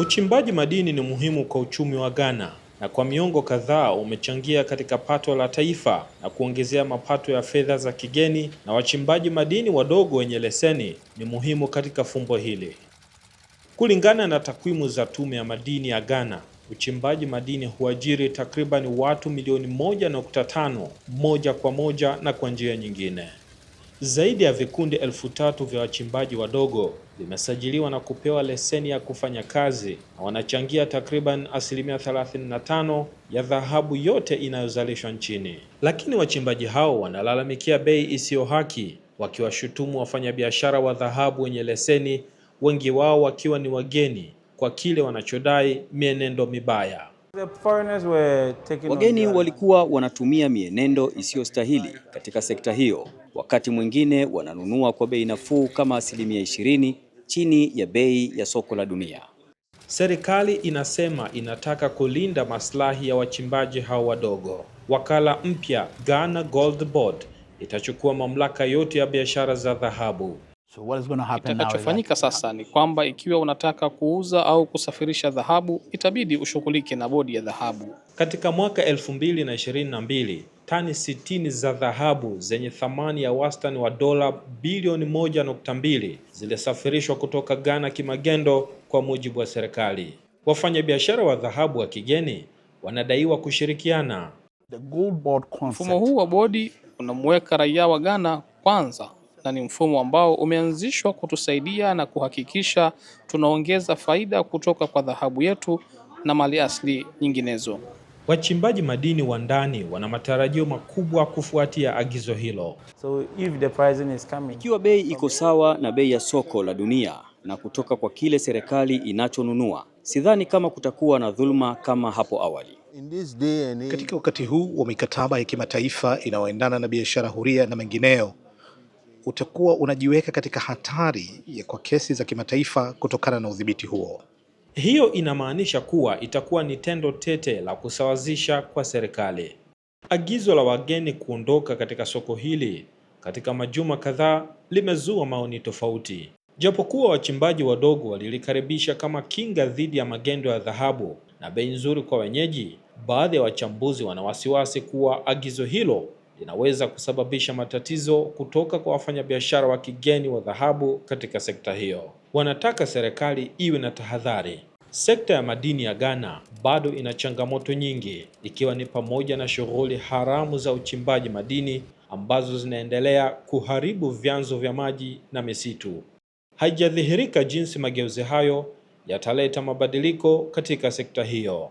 Uchimbaji madini ni muhimu kwa uchumi wa Ghana na kwa miongo kadhaa umechangia katika pato la taifa na kuongezea mapato ya fedha za kigeni, na wachimbaji madini wadogo wenye leseni ni muhimu katika fumbo hili. Kulingana na takwimu za Tume ya Madini ya Ghana, uchimbaji madini huajiri takriban watu milioni moja nukta tano moja kwa moja na kwa njia nyingine. Zaidi ya vikundi elfu tatu vya wachimbaji wadogo limesajiliwa na kupewa leseni ya kufanya kazi na wanachangia takriban asilimia 35 ya dhahabu yote inayozalishwa nchini. Lakini wachimbaji hao wanalalamikia bei isiyo haki, wakiwashutumu wafanyabiashara wa dhahabu wenye leseni, wengi wao wakiwa ni wageni, kwa kile wanachodai mienendo mibaya. Wageni walikuwa wanatumia mienendo isiyostahili katika sekta hiyo, wakati mwingine wananunua kwa bei nafuu kama asilimia ishirini chini ya bei ya soko la dunia. Serikali inasema inataka kulinda maslahi ya wachimbaji hao wadogo. Wakala mpya Ghana Gold Board itachukua mamlaka yote ya biashara za dhahabu. So kitakachofanyika sasa ni kwamba ikiwa unataka kuuza au kusafirisha dhahabu itabidi ushughulike na bodi ya dhahabu. Katika mwaka 2022 tani sitini za dhahabu zenye thamani ya wastani wa dola bilioni moja nukta mbili zilisafirishwa kutoka Ghana kimagendo, kwa mujibu wa serikali. Wafanyabiashara wa dhahabu wa kigeni wanadaiwa kushirikiana. Mfumo huu wa bodi unamweka raia wa Ghana kwanza na ni mfumo ambao umeanzishwa kutusaidia na kuhakikisha tunaongeza faida kutoka kwa dhahabu yetu na mali asili nyinginezo. Wachimbaji madini wa ndani wana matarajio makubwa kufuatia agizo hilo. So if the pricing is coming, ikiwa bei iko sawa na bei ya soko la dunia na kutoka kwa kile serikali inachonunua, sidhani kama kutakuwa na dhuluma kama hapo awali. In... katika wakati huu wa mikataba ya kimataifa inayoendana na biashara huria na mengineo utakuwa unajiweka katika hatari ya kwa kesi za kimataifa kutokana na udhibiti huo. Hiyo inamaanisha kuwa itakuwa ni tendo tete la kusawazisha kwa serikali. Agizo la wageni kuondoka katika soko hili katika majuma kadhaa limezua maoni tofauti. Japokuwa wachimbaji wadogo walilikaribisha kama kinga dhidi ya magendo ya dhahabu na bei nzuri kwa wenyeji, baadhi ya wachambuzi wana wasiwasi kuwa agizo hilo linaweza kusababisha matatizo kutoka kwa wafanyabiashara wa kigeni wa dhahabu katika sekta hiyo wanataka serikali iwe na tahadhari. Sekta ya madini ya Ghana bado ina changamoto nyingi, ikiwa ni pamoja na shughuli haramu za uchimbaji madini ambazo zinaendelea kuharibu vyanzo vya maji na misitu. Haijadhihirika jinsi mageuzi hayo yataleta mabadiliko katika sekta hiyo.